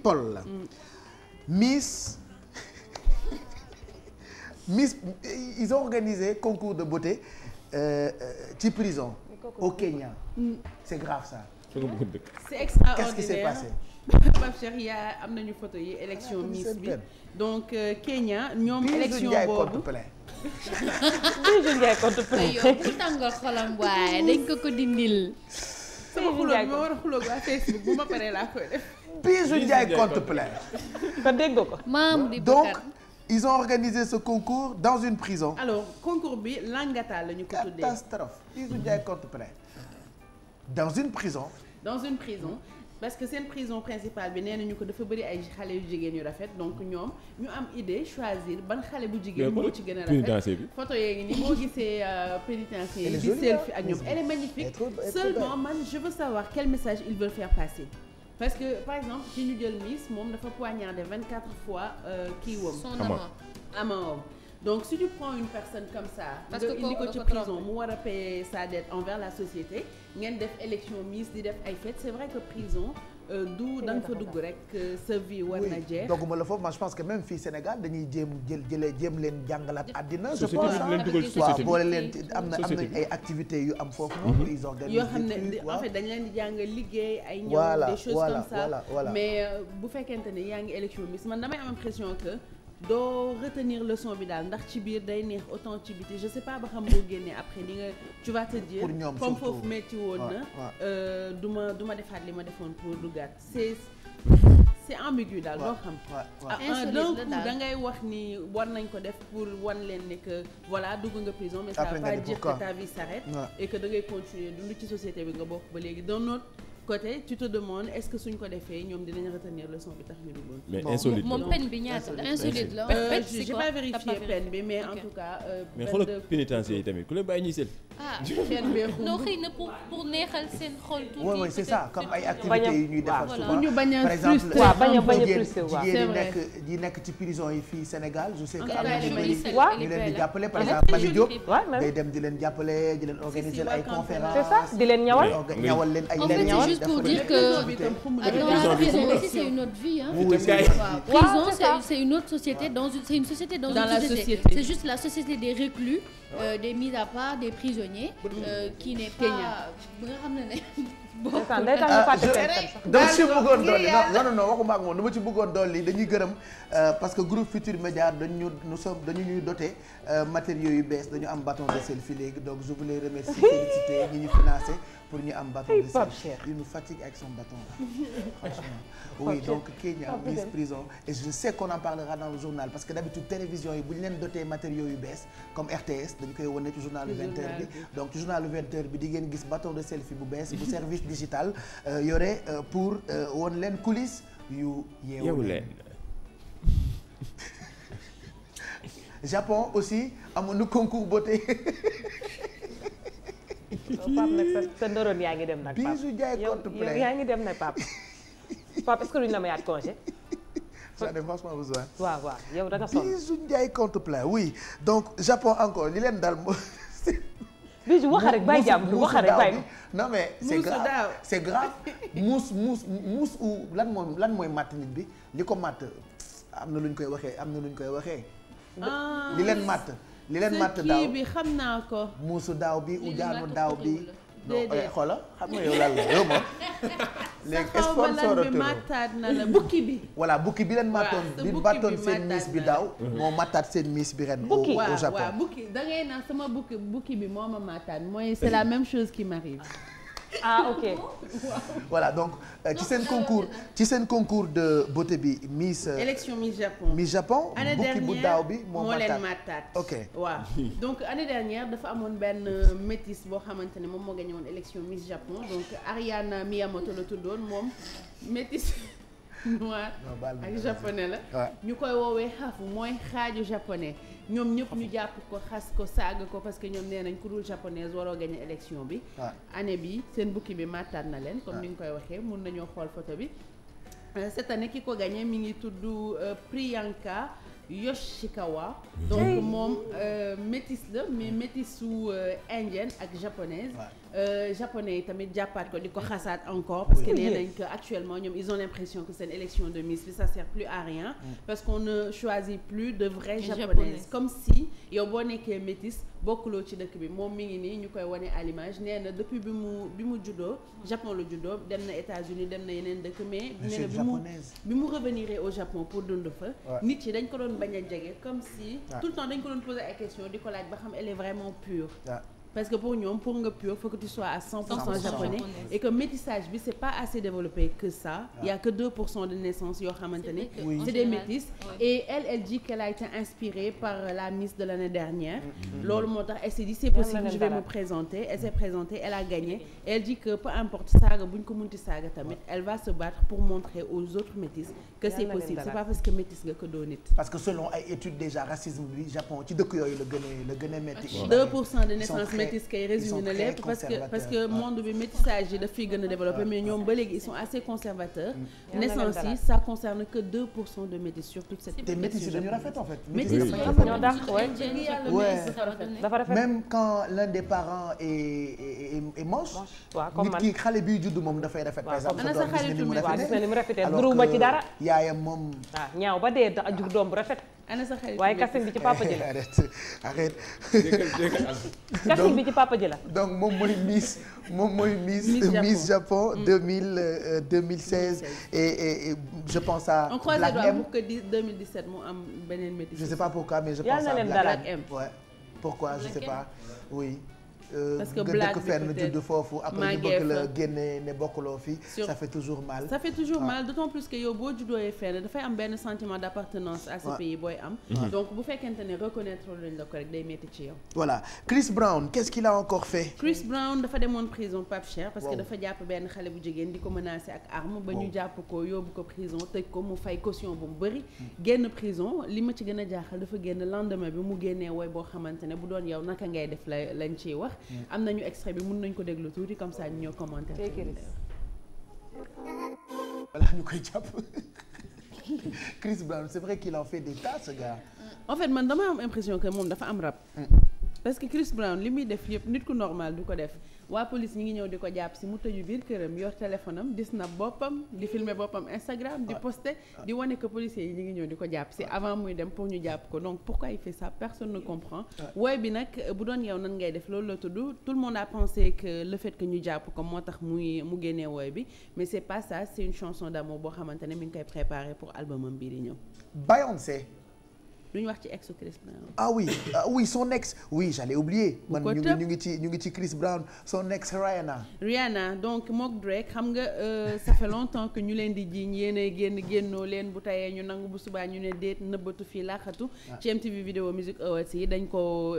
people la. Miss Miss ils ont organisé concours de beauté euh, euh, ci prison. au Kenya. Mm. c'est grave ça. c'est extraordinaire qu'est-ce qui s'est passé. Pape Cheikh yaa am nañu photo yi élection ah, Miss bi donc euh, Kenya ñoom. élection boobu toujours Ndiaye compte plein. yow ku tàngoor xolam waaye dañ ko ko dindil. sama xulóo bi ma war a xulóo waa Facebook bu ma paree laa koy def. Bijou Ndiaye compte plaire. nga dégg ko. maam di donc ils ont organisé ce concours dans une prison. alors concours bi Langata la ñu ko tuddee. catastrophe Bijou Ndiaye compte plaire. dans une prison. dans une prison. parce que seen prison principale bi nee nañu ko dafa bëri ay xale yu jigéen yu rafet donc ñoom ñu am idée choisir ban xale bu jigéen moo ci gën a rafet photo yee ngi ni boo gisee euh, pénitencier yi di selfie ak ñoom elle est magnifique seulement man je veux savoir quel message ils veulent faire passer parce que par exemple ci ñu jël Miss moom dafa poignardé 24 fois euh, kii wam son amant amant donc si tu prends une personne comme ça. parce que indi ko ci prison mu war a payer sa dette envers la société ngeen def élection Miss di def ay fête c'est vrai que prison. Euh, du da nga fa dugg rek euh, sa vie war na jeex. dogguma la foofu ma je pense que même fii Sénégal dañuy jéem jël jëlee jéem leen jàngalaat àddina. je pense waaw boole leen am na am nañ ay activités yu am foofu. Mhm. ils organisent yoo xam ne dañ leen di jàngal liggéey ay ñëw. des choses comme ça mais euh, bu fekkente ne yaa ngi élection bis man damay am impression que. doo retenir leçon bi daal ndax ci biir day neex authenticité je sais pas ba xam boo génnee après li nga tu vas te dire comme foofu woon na euh, du ma duma defaat li ma defoon pour duggaat c'est c'est ambigu daal doo xam donc da ngay wax ni war nañ ko def pour wan leen ne que voilà dugg nga prison mais ça veut pas dire que ta vie s'arrête et ngay continuer dund ci société bi nga bokk ba léegi dans notre côté tu te demandes est-ce que suñ ko defee ñoom dinañ retenir leçon bi tax ñu duggoon. mais insolite moom peine bi ñaata la. Euh, j'ai pas vérifié bi mais en tout cas. Euh, mais xoolal pénitencier yi tamit ku leen bàyyi ñuy sel non xëy na pour pour neexal seen xol tuuti c'est ça comme ay activités yi ñuy defar souvent par exemple waaw bañ a bañ a frustré waaw euh, jigéen yi nekk yi nekk ci prison yi fii Sénégal je sais que am na ñu bëri ñu leen di jàppale par exemple Mami Diop day dem di leen jàppale di leen organiser ay conférences c'est ça di leen ñawal ñawal leen ay leen ñawal juste pour dire que prison aussi c'est une autre vie hein prison c'est une autre société dans une c'est une société dans une société c'est juste la société des reclus des mis à part des prisonniers prisonnier. kii ne pas ba nga xam ne ne. ndeysaan day tax ñu fàtte seen dama ci bëggoon dolli non non non waxuma ak moom dama ci bëggoon dolli dañuy gërëm euh, parce que groupe Futur Média dañu nous sommes euh, yu bees dañu am bâton de selfie léegi donc je voulais remercier féliciter ñi ñu financé pour ñu am bâton de selfie il nous fatigue avec son bâton là franchement donc Kenya mise prison et je sais qu'on en parlera dans le journal parce que d'habitude télévision yi bu leen doté matériaux yu bees comme RTS dañu koy wone ci journalu 20h bi donc ci journalu bi di ngeen gis bâton de digital euh, yore euh, pour euh, woon leen coulisse yu yeewu leen Japon aussi amoon na concours beauté oh, Pape nag sa sa ndoroon yaa ngi dem nag. Pape bisu jaay compte plein yaa ngi dem nag Pape. Pape est-ce que duñ la mayaat congé. j'en ai franchement besoin. waaw waaw yow da nga sonn bisu jaay compte plein oui Bijou waxa rek bàyyi jàmm waxa rek bàyyi non mais c'est grave c'est grave muus muus muus ou lan mooy lan mooy matt nit bi li ko matt am na lu ñu koy waxee am na lu ñu koy waxee ah, li leen matt li leen matt daaw bi xam naa ko muusu daaw bi ujaanu daaw bi déedéet eh, xoola xam nga yow lan la yow moom. léegi sponsor mattaat na la bukki bi. wala bukki bi leen mattoon bi mattoon seen miis bi daaw. Mhm. moo mattaat seen miis bi ren. au au Japon waaw waaw bukki da ngay naan sama bukki bukki bi moo ma mattaat mooy c'est la même chose qui m'arrive ah ok voilà donc euh, ci seen concours ci seen concours de beauté bi Miss. Euh, élection Miss Japon Miss Japon. bukki bu daaw bi moo leen mattaat ok donc année dernière dafa amoon benn euh, métis boo xamante ne moom moo gagné woon élection Miss Japon donc Ariana Miyamoto la tuddoon moom métis. noir ak japonais la. ñu koy woowee xaafu mooy xaaju japonais. ñoom ñëpp ñu jàpp ko xas ko saaga ko parce que ñoom nee nañ ku dul japonaise waroo gagné élection bi année bi seen bukki bi màttaat na leen comme ni nga koy waxee mun nañoo xool photo bi euh, cette année ki ko gagné mi ngi tudd euh, Priyanka Yoshikawa. Mhm. donc moom euh, métis la mais métisu euh, indienne ak japonaise. Euh, japonais yi tamit jàppaat ko di ko xasaat encore. parce que nee nañ actuellement ñoom ils ont l'impression que seen élection de Miss bi ça sert plus à rien. Mm. parce qu'on ne choisit plus de vraies japonaises comme si yow boo nekkee métis bokkuloo ci dëkk bi moom mi ngi nii ñu koy wane alimage l'image na depuis bi mu bi mu juddoo Japon la juddoo dem na États-Unis dem na yeneen dëkk mais. nee na bi mu bi mu revenir au Japon pour dund fa. bañ a jege comme si. Ah. tout le temps dañ ko doon poser ay question di ko laaj ba xam elle est vraiment pure. Ah. parce que pour ñoom pour nga pur faut que tu sois à japonais et que métissage bi c'est pas assez développé que ça il y a que de naissance yoo xamante ne c'est des métis et elle dit qu'elle a été inspirée par la Miss de l'année dernière mm-hmm. loolu moo tax elle s'est dit c'est possible je vais me présenter elle s'est présentée elle a gagné et elle dit que peu importe saaga bu ñu ko munti saaga tamit elle va se battre pour montrer aux autres métis que c'est que métis nga yooyu la gën métis kay résumé na lépp parce que parce que monde métissage yi daf fiy gën a développé mais ñoom ba léegi ils sont assez conservateurs mm. naissance yi ça concerne que de métis sur toute cette population. te métis en fait. métis yi dafa rafet même quand l'un des parents est moche. waaw comme man nit ki xale biy judd moom dafay rafet. par exemple sa doom gis na ni mu rafetee waaw gis na ni mu yaayam moom. waaw ah, ñaaw ba dee jur doom bu rafet. ana sa xarit waaye casting papa ji la arrête arrête casting bi ci papa ji donc moom mooy Miss moom mooy Miss Miss Japon mm. deux mille euh, deux je pense à. on croise les doigts pour que deux mille dix sept mu am beneen métier. je sais pas pourquoi mais je M. ouais pourquoi je sais pas oui. parce que blague bi fenn judd foofu après ñu bëgg la génne ne bokkuloo fi ça fait toujours mal ça fait toujours ah. mal d'autant plus que yow boo juddooyee fenn dafay am benn sentiment d'appartenance à ce pays booy am mm-hmm. donc bu fekkente ne reconnaître luñ la ko rek day metti ci yow voilà Chris Brown qu'est-ce qu'il a encore fait Chris Brown dafa demoon prison Pape Cheikh parce que dafa jàpp benn xale bu jigéen di ko menacer ak arme ba ñu jàpp ko yóbbu ko prison tëj ko mu fay caution bu mu bëri génn prison li ma ci gën a jaaxal dafa génn lendemain bi mu génnee woy boo xamante ne bu doon yow naka ngay def la lañ ciy wax Mm. am nañu extrait bi mun nañ ko déglu tuuti comme ça ñu ñoo commenter voilà ñu koy jàpp Chris Brown c'est vrai qu'il en fait des tas ce gars en fait man dama am impression que moom dafa am rab mm. parce que Chris Brown li muy def yëpp nit ku normal du ko def waa police ñi ngi ñëw di ko jàpp si mu tëju biir këram yor téléphone am na boppam di filmer boppam Instagram di ah. poster ah. di wane que policiers yi ñi ngi ñëw di ko jàpp si ah. avant muy dem pour ñu jàpp ko donc pourquoi il fait ça personne ne comprend wooy bi nag bu doon yow nan ngay def loolu la tudd tout le monde a pensé que le fait ñu jàpp ko moo tax mu génnee wooy bi mais c'est pas ça c'est une chanson boo xamante ne mi ngi koy préparé pour album am bii di lu ñu wax ci exu Chris Brown. ah oui ah oui son ex oui j'allais oublier. man ñu ngi ñu ngi ci ñu ngi ci Chris Brown son ex Rihanna. Rihanna donc mook Drake xam nga euh, ça fait longtemps que ñu leen di jiiñ yéenay génn génnoo leen bu tayee ñu nangu bu subaa ñu ne déet nëbbatu fii laaxatu. Ah. ci MTV Video Music Awards yi dañ ko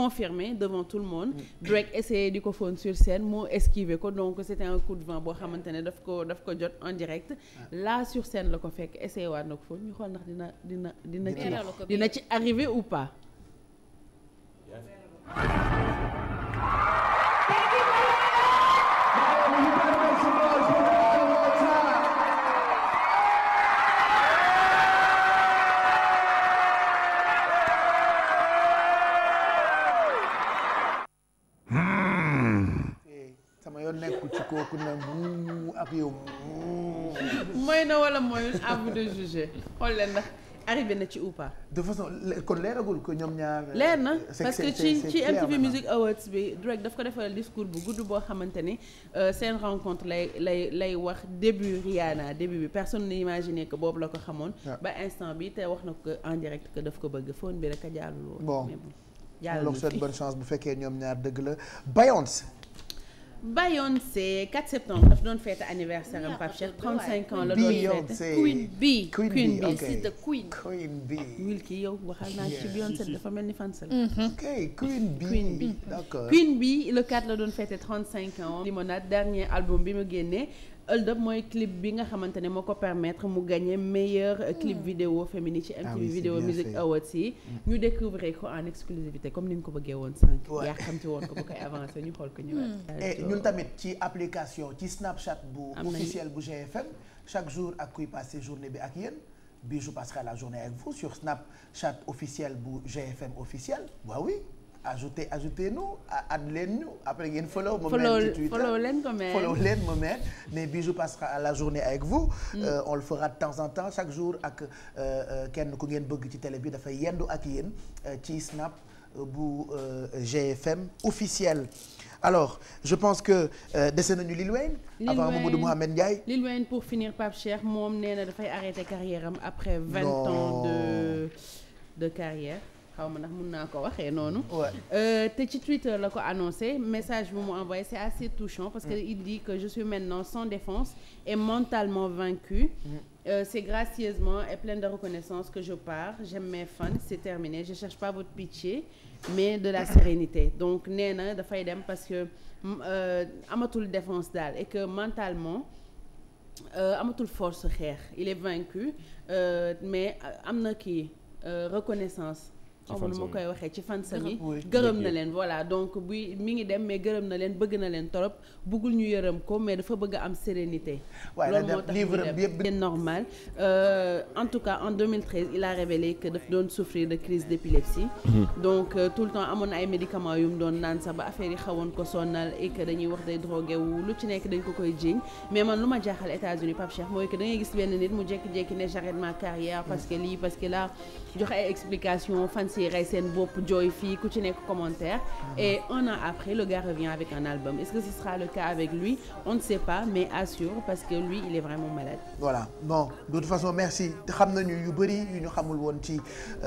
confirmé devant tout le monde. Mm. Drake essayé di ko fóon sur scène moo esquivé ko donc c'était un coup de vent boo xamante ne daf ko daf ko jot en direct. Ah. là sur scène la ko fekk essayé waat na ko fóon ñu xool ndax dina dina dina ci dina ci arrivé ou pas. sama yoon nekkul ci kooku ne mu ak yow mooy na wala mooyul à vous de juger xool leen ndax arrivé na ci upa pas. de façon kon leeragul ko ñoom ñaar. leer na parce que ci ci MTV Music Awards bi Drake daf ko defal discours bu gudd boo xamante ni euh, seen rencontre lay lay lay wax début Rihanna début bi personne n'imaginait que boobu la ko xamoon. Ah. ba instant bi te wax na ko en direct que daf ko bëgg phone bi rek a jàllul woon. bon jàllul fi bonne bu fekkee ñoom ñaar dëgg la Beyoncé. Beyoncé 4 septembre daf doon fête anniversaire am Pape Cheikh 35 ans la doon fête Queen Bee Queen Bee c'est the Queen. Queen Bee Wilkie ah, yow waxal naa ci Beyoncé dafa mel ni fansal. Mm-hmm. ok Queen Bee Queen Bee d'accord Queen Bee le 4 la doon fête 35 ans. Limonade dernier album bi mu génnee. Hold mooy clip bi nga xamante ne moo ko permettre mu gagner meilleur euh, clip hmm. vidéo féminin ci ah MTV Video Music Awards yi hmm. ñu découvrir ko en exclusivité comme ni nga ko bëggee woon sànq yaa xam ci woon ko bu koy avancé ñu xool ko ñëwaat hmm. eh, ñun tamit ci application ci Snapchat bu officiel bu GFM chaque jour ak kuy passé journée bi ak yéen bi je passerai la journée avec vous sur Snapchat officiel bu GFM officiel waaw oui ajouté ajouté nous add leen ñu après ngeen follow ma mère ci Twitter follow leen ma mère follow mais Bijou passera la journée avec vous mm. euh, on le fera de temps en temps chaque jour ak euh, euh, kenn ku ngeen bëgg ci télé bi dafay yendu ak yéen euh, ci snap bu GFM officiel alors je pense que dese nañu Lil Wayne avant Mamadou Mouhamed Ndiaye pour finir Pape Cheikh moom nee na dafay arrêter carrière après vingt ans de carrière xaw ma ndax mun naa ko waxee noonu. Euh, te ci Twitter la ko annoncé message bu mu envoyé c'est assez touchant parce que mm. il dit que je suis maintenant sans défense et mentalement vaincu. Mm. Euh, c'est gracieusement et pleine de reconnaissance que je pars j'aime mes fans c'est terminé je cherche pas votre pitié mais de la sérénité donc nee na dafay dem parce que mm, euh, amatul défense daal et que mentalement. Euh, amatul force xeex il est vaincu mais am na kii reconnaissance xawma nu ma koy waxee ci fan sami gërëm na leen voilà donc buy mi ngi dem mais gërëm na leen bëgg na leen torop bëggul ñu yërëm ko mais dafa bëgg a am sérénité loolu moo tax c'est normal euh, en tout cas en 2013 il a révélé que daf doon souffrir de crise d'épilepsie mhm. donc euh, le temps amoon na ay médicaments yu doon naan sax ba affaire yi xawoon ko sonnal et dañuy wax day drogué wu lu ci nekk dañ ko koy jiñ mais man lu ma jaaxal États-Unis Pape Cheikh mooy que da ngay gis benn nit mu jékki-jékki ne j'arrête explication fan aussi rey seen bopp jooy fii ku ci nekk commentaire. Ah. et un an après le gars revient avec un album est-ce que ce sera le cas avec lui on ne sait pas mais assure parce que lui il est vraiment malade. voilà bon de toute façon merci xam nañu yu bëri yu ñu xamul woon ci. Euh,